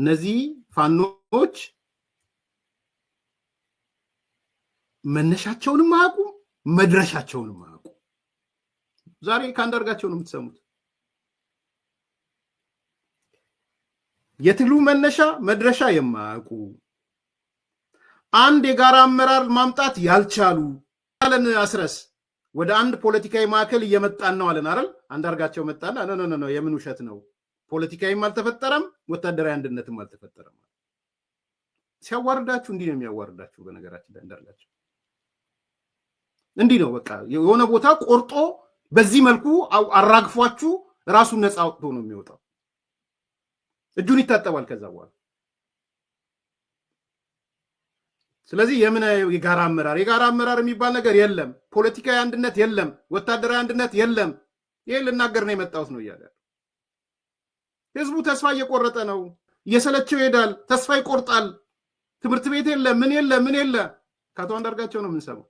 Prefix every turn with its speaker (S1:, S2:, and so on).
S1: እነዚህ ፋኖች መነሻቸውንም አያውቁም፣ መድረሻቸውንም አያውቁም። ዛሬ ከአንዳርጋቸው ነው የምትሰሙት። የትግሉ መነሻ መድረሻ የማያውቁ አንድ የጋራ አመራር ማምጣት ያልቻሉ አለን። አስረስ ወደ አንድ ፖለቲካዊ ማዕከል እየመጣን ነው አለን አይደል? አንዳርጋቸው መጣና ነው የምን ውሸት ነው ፖለቲካዊም አልተፈጠረም፣ ወታደራዊ አንድነትም አልተፈጠረም። ሲያዋርዳችሁ እንዲህ ነው የሚያዋርዳችሁ። በነገራችን ላይ እንዳላቸው እንዲህ ነው በቃ የሆነ ቦታ ቆርጦ በዚህ መልኩ አራግፏችሁ ራሱን ነፃ አውጥቶ ነው የሚወጣው። እጁን ይታጠባል ከዛ በኋላ። ስለዚህ የምን የጋራ አመራር የጋራ አመራር የሚባል ነገር የለም። ፖለቲካዊ አንድነት የለም። ወታደራዊ አንድነት የለም። ይህ ልናገር ነው የመጣሁት ነው እያለ ህዝቡ ተስፋ እየቆረጠ ነው። እየሰለቸው ይሄዳል። ተስፋ ይቆርጣል። ትምህርት ቤት የለ፣ ምን የለ፣ ምን የለ። ከአቶ አንዳርጋቸው ነው የምንሰማው።